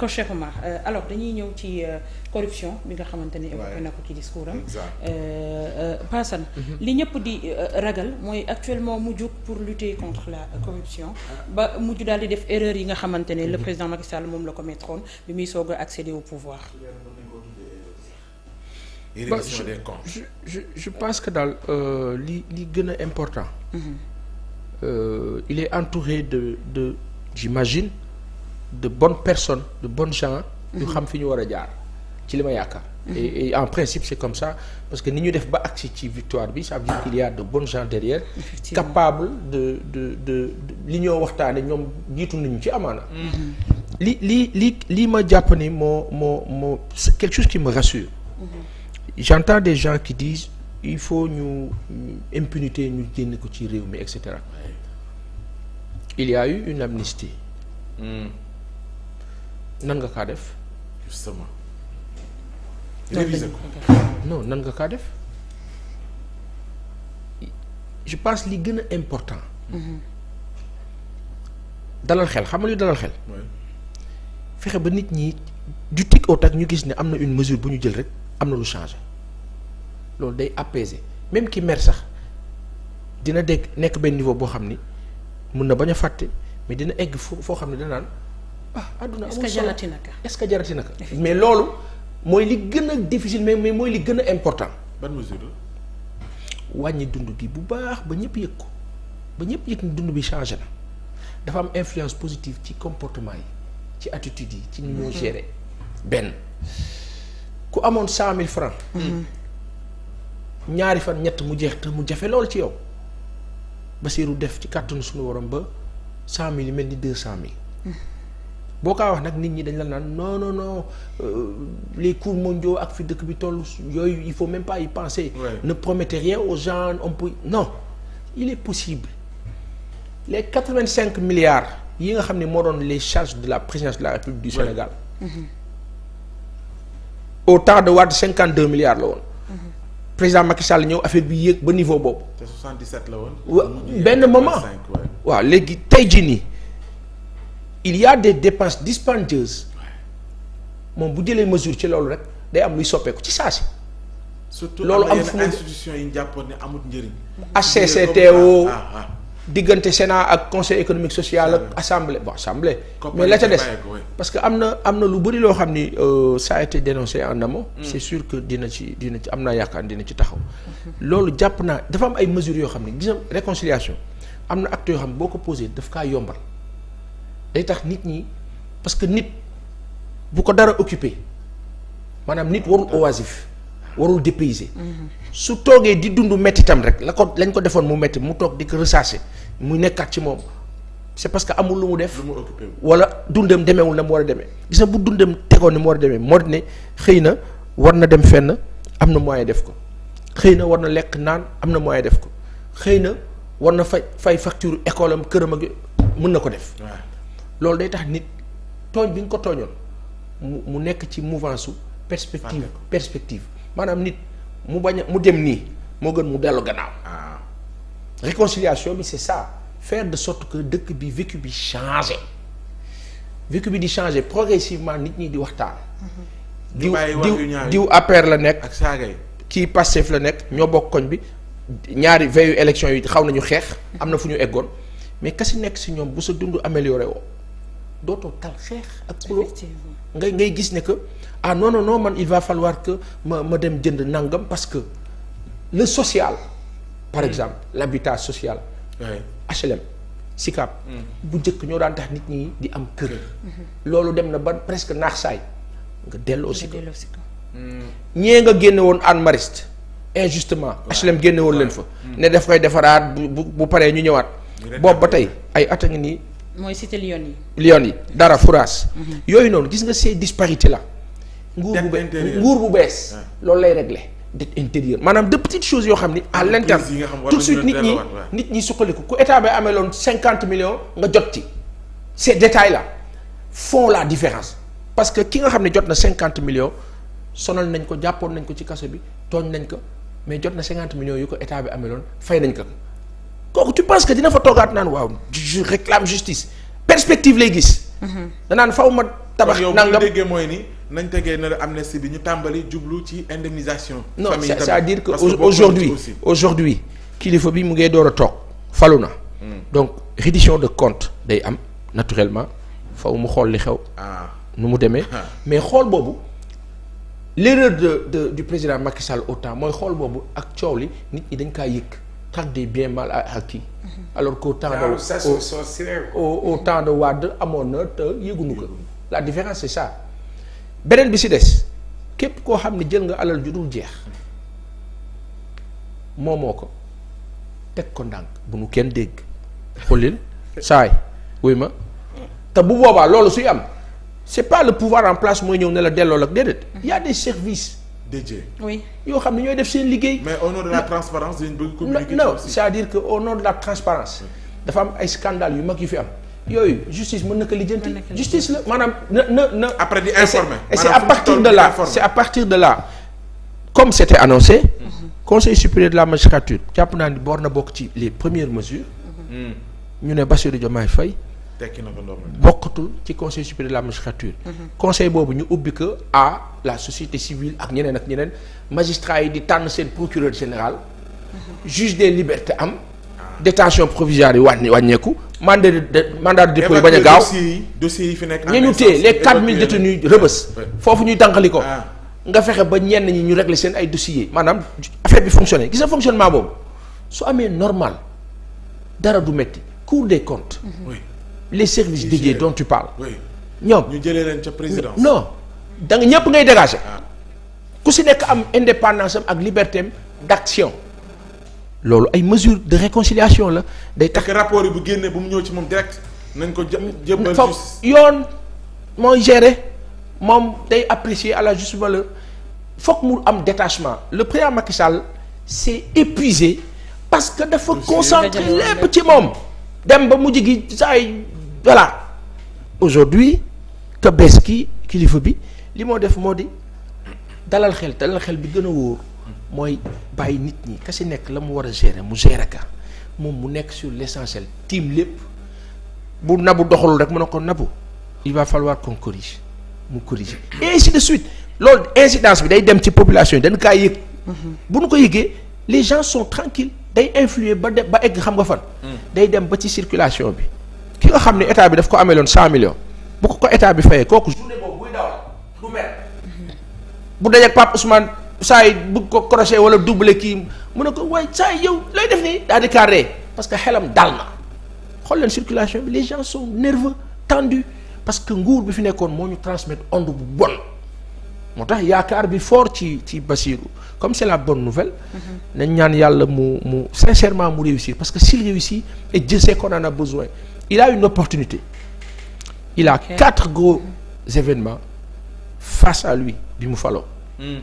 d'accord Cheikh euh, alors dañuy ñëw ci euh, corruption bi nga xamante ne évoqué na ko ci discours am euh, Pasan mhm. li ñëpp di ragal mooy actuellement mu jóg pour lutter contre la corruption ba mujj daal di def erreur yi nga xamante ne le mhm. président Macky Sall moom la ko mettroon bi muy soog a accéder au pouvoir irrégulation je je pense que daal li li gën a important mhm. il est entouré de de j'imagine de bonnes personne de bon gens. ñu mhm. xam fi ñu war a jaar ci li ma yaakaar. Mhm. et en principe c'est comme ça parce que ni ñu def ba agsi ci victoire bi ça veut dire qu'il y a de bonnes gens derrière. capables de de de li ñoo waxtaane ñoom jiitu nañu ci amaana. Mhm. li li li li ma jàpp ni moo moo moo c'est quelque chose qui me rassure. j'entends des gens qui disent il faut ñu impunité ñu génn ko ci réew mi et cetera il y eu une amnistie. Mm. nan nga kaa def. justement. réviser nan nga kaa def je pense li gën a important. Mm-hmm. dalal xel xam nga li dalal xel. fexe ba nit ñi du tic au tac ñu gis ne am na une mesure bu ñu jël rek am na lu changé loolu day apaiser même ki mer sax dina dégg nekk benn niveau boo xam ni mun na bañ a fàtte mais dina egg foo foo xam ne danaan. ah adduna amul solo est ce que jarati na ka. est ce jarati na mais loolu mooy li gën a difficile mais mais mooy li gën a important. ban mesure wàññi dund bi bu baax ba ñëpp yëg ko ba ñëpp yëg ni dund bi changé na dafa am influence positive ci comportement yi ci attitude yi ci ni ñoo mhm. benn ku amoon cent mille francs ñaari fan ñett mu jeex te mu jafe lool ci yow Basiiru def ci kàttanu suñu borom ba cent mille yi mel ni deux cent mille boo kaa wax nag nit ñi dañ la naan non non non euh, les cours mondiaux ak fi dëkk bi toll yooyu il faut même pas y penser. ne promettez rien aux gens on peut non il est possible les quatre vingt cinq milliards yi nga xam ne moo doon les charges de la présidence de la République du Sénégal. Mm-hmm. au temps de Wade cinquante deux milliards la woon. Mm-hmm. président Macky Sall ñëw affaire bi yéeg ba niveau boobu. te 77 la woon. benn moment waaw léegi tey jii nii. il y a des dépenses dispendieuses moom bu jëlee mesure ci loolu rek day am luy soppeeku ci saa si. loolu am fu mu institution yi ñu jàppoon ne amul njëriñ. HCCTO ah, ah. diggante Sénat ak conseil économique social ak assemblée bon assemblée. mais la ca des parce que am na am na lu bëri loo xam ni euh, ça a été dénoncé en amont. Hmm. c' est que dina ci dina ci am naa yaakaar dina ci taxaw. loolu jàpp naa dafa am ay mesures yoo xam ne gis réconciliation am na acte yoo xam ne boo ko posé daf kaa yombal. day tax nit ñi parce que nit bu ko dara occupé maanaam nit warul oisif warul dépaysé. su toogee di dund mettitam rek la ko lañ ko defoon mu metti mu toog di ko ressasser mu nekkaat ci moom c'est parce que amul lu mu def. wala dundam demeewul na mu war a demee. gis nga bu dundam tegoon ni mu war a demee moo di ne xëy na war na dem fenn am na moyen def ko xëy na war na lekk naan am na moyen def ko xëy na war na fay fay facture école am këram ak mën na ko def. loolu day tax nit tooñ bi nga ko tooñoon mu mu nekk ci mouvance su perspective perspective maanaam nit mu bañ mu dem nii moo gën mu dellu gannaaw ah. réconciliation bi c'est ça faire de sort que dëkk bi vécu bi changé vécu bi di changé progressivement nit ñi di waxtaan mm-hmm. diw diw diw APR la nekk ak saaga yi kii Pastef la nekk ñoo bokk koñ bi ñaari veillu élection yi xaw nañu xeex mm-hmm. am na fu ñu eggoon mais kasi nekk si ñoom bu sa dund amélioré woo dootoo tal xeex ak xuloo ngay ngay gis ne que ah non non man il va falloir que ma ma dem jënd nangam parce que le social par hmm. exemple l'habitat social HLM SICAP hmm. bu njëkk ñoo daan tax nit ñi di am kër hmm. loolu dem na ba presque naax saay nga delloo si ko ñee nga génne woon Anne Mariste injustement HLM génne leen fa ne daf koy defaraat bu bu paree ñu ñëwaat boobu ba tey ay at a ngi nii mooy cité Lyon yi. Lyon yi dara fouraas. Mhm. yooyu noonu gis nga ces disparités là. nguur bu bees nguur bu bees. loolu lay régler dette intérieure maanaam de petites chose yoo xam ni à l'interne tout de suite nit ñi nit ñi suqaliku ku état bi amee loon cinquante millions nga jot ci. ces détails la font la différence parce que ki nga xam ne jot na cinquante millions sonal nañ ko jàppoon nañ ko ci kaso bi tooñ nañ ko mais jot na cinquante millions yu ko état bi amee fay nañ ko. kooku tu penses que dina fa toogaat naan waaw je réclame justice perspective lay gis. Mhm. danaan faw ma tabax nangam yow mooy ni nañ tegee ne amnistie bi ñu tàmbali jublu ci indemnisation. no c'est-à-dire que aujourd'hui aujourd'hui kilifa bi mu ngee door a toog falu na. Hmm. donc reddition de compte day am naturellement faw mu xool li xew. Ah. nu mu demee mais xool boobu. l'erreur de de du président Macky Sall autant mooy xool boobu ak coow li nit ñi dañ kaa yëg. traque de biens mal ak mm-hmm. alors qu'au temps de au temps de Wade amoon na te yëgunu ko la différence c'est ça beneen bi si des képp koo xam ne jël nga alal ju dul jeex moomoo ko teg ko ndànk bu nu kenn dégg xulil saay wuy ma te bu boobaa loolu suy am c'est pas le pouvoir en place mooy ñëw ne la delloo ak déedéet mm-hmm. y a des DJ. yoo xam ne ñooy def seen liggéey. mais au nom de la transparence dañ bëgg non c'est-à-dire que au nom de la transparence dafa am ay scandale yu mag yu fi am. yooyu justice mën na ko lijjanti justice la maanaam na na na. après di informer et c'est à partir de là c'est à partir de là comme c'était annoncé. conseil supérieur de la magistrature jàpp naa ni boor na bokk ci les premières mesures. Mm. ñu ne Bassirou Diomaye Faye. tekki na ko ndoom bokkatul ci conseil supérieur de la magistrature. Mhm. conseil boobu ñu ubbi ko à la société civile ak ñeneen ak ñeneen magistrats yi di tànn seen procureur général. Mhm. juge de libertés am. détention provisoire yi wàññi wàññeeku. mandat de mandat de dépôt yi a gaaw dossier yi fi nekk ñu ñu téye les 4000 détenus rëbës. foofu ñuy tànqali ko. Ah. nga fexe ba ñenn ñi ñu régler seen ay dossiers maanaam affaire bi fonctionné gis nga fonctionnement boobu su amee normal dara du metti cour de comptes. les services dédiés dont tu parles. ñoom ñu jëlee leen ca présidence. non nga ñëpp ngay dégager. Ah. ku si nekk am indépendance am ak liberté am d'action. loolu ay mesures de réconciliation la day tax. rapport yi bu génnee bu mu ñëw ci moom direct. nañ ko jëbbal yoon mooy gérer moom day apprécier à la juste valeur mu am détachement le président Macky Sall s'est épuisé parce que dafa concentré lépp ci moom dem ba mujj gi saa voilà aujourd'hui ki kilifa bi li moo def moo di dalal xel dalal xel bi gën a wóor mooy bàyyi nit ñi ka si nekk la mu war a gérer mu gérer ka moom mu nekk sur l'essentiel tiim lépp bu nabu doxalul rek mën a ko nabu il va falloir qu'on corrige mu corriger et ainsi de suite loolu incidence bi day dem ci population yi dañ kaa yëg mm-hmm. bu nu ko yëgee les gens sont tranquilles day influer ba de ba egg xam nga fan mm. day dem ba ci circulation bi nga xam ne état bi daf ko ameloon cent millions bu ko ko état bi fayee kooku journée boobu buy bu dajeeg Pape Ousmane saa yi bëgg ko crochet wala double kii mu ne ko waaye saa yi yow looy def nii daal di carré parce que xelam dal na xool leen circulation bi les gens sont nerveux tendus parce que nguur bi fi nekkoon moo ñu transmettre onde bu bon moo tax yaakaar bi foor ci ci Bassirou comme c'est la bonne nouvelle mm-hmm. nañ ñaan yàlla mu mu sincèrement mu réussir parce que s'il réussit et il a une opportunité il a okay. quatre gros événements face à lui bi mu faloo hmm.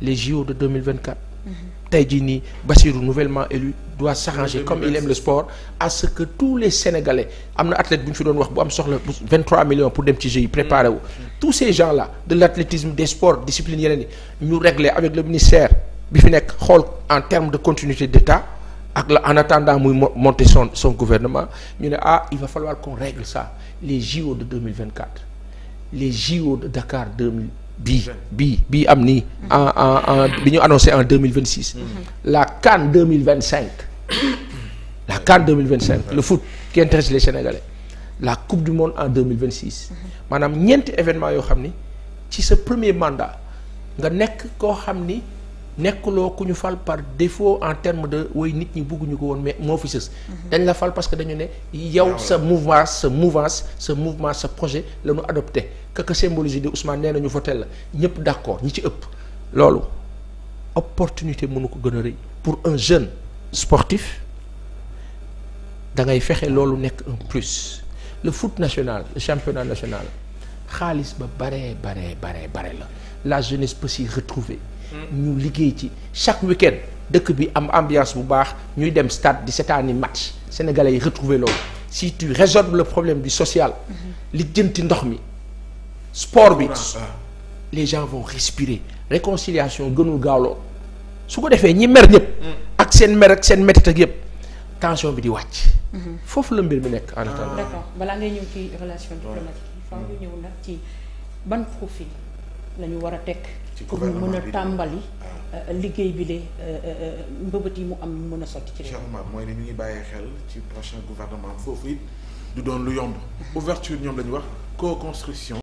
les JO de 2024 mhm. tey jii nii Bassirou nouvellement élu doit s'arranger comme il aime le sport à ce que tous les Sénégalais am na athlète bu ñu fi doon wax bu am soxla vingt trois millions pour dem ci jeux yi préparé hmm. wu tous ces gens là de l'athlétisme des sports disciplines yeneen yi ñu régler avec le ministère bi fi nekk xool en termes de continuité d'État ak la en attendant muy monter son son gouvernement ñu ne ah il va falloir qu'on règle ça les JO de 2024 les JO de Dakar 2000 bii bii bii am nii en en en bi ñu annoncé en 2026 mm-hmm. la CAN 2025 la CAN 2025 le foot qui intéresse les Sénégalais la coupe du monde en 2026 mm-hmm. maanaam ñeenti événement yoo xam ni ci sa premier mandat nga nekk koo xam ni nekkuloo ku ñu fal par défaut en terme de way nit ñi bugguñu ko woon mais moo fi sës dañ la fal parce que dañu ne yow ah sa mouvement sa mouvance sa mouvement sa projet la ñu adopté que que symbologie di Ousmane nee nañu voté la ñëpp d'accord ñi ci ëpp loolu opportunité mënu ko gën a rëy pour un jeune sportif da ngay fexe loolu nekk un plus le foot national le championnat national xaalis ba bare bare bare bare la la jeunesse peut s'y ñu liggéey ci chaque week dëkk bi am ambiance bu baax ñuy dem stade di seetaani match sénégalais yi retrouver loolu si tu résolves le problème du social li jënti ndox mi sport bi ah. les gens vont respirer réconciliation gënul gaawloo su ko defee ñi mer ñëpp mm. ak seen mer ak seen métit ak yëpp tension bi di wàcc mm-hmm. foofu la mbir mi nekk en attendant ah. d'accord balaa ngay ñëw ci relation diplomatique yi faaw ñu nag ci ban profil lañu war a teg ci gouvernement bi pour mu mën a tàmbali. Euh, liggéey bi de euh, euh, mbëbët yi mu am mu mën a sotti ci réew mooy ne ñu ngi bàyyee xel ci prochain gouvernement foofu it du doon lu yomb mm-hmm. ouverture ñoom la ñu wax co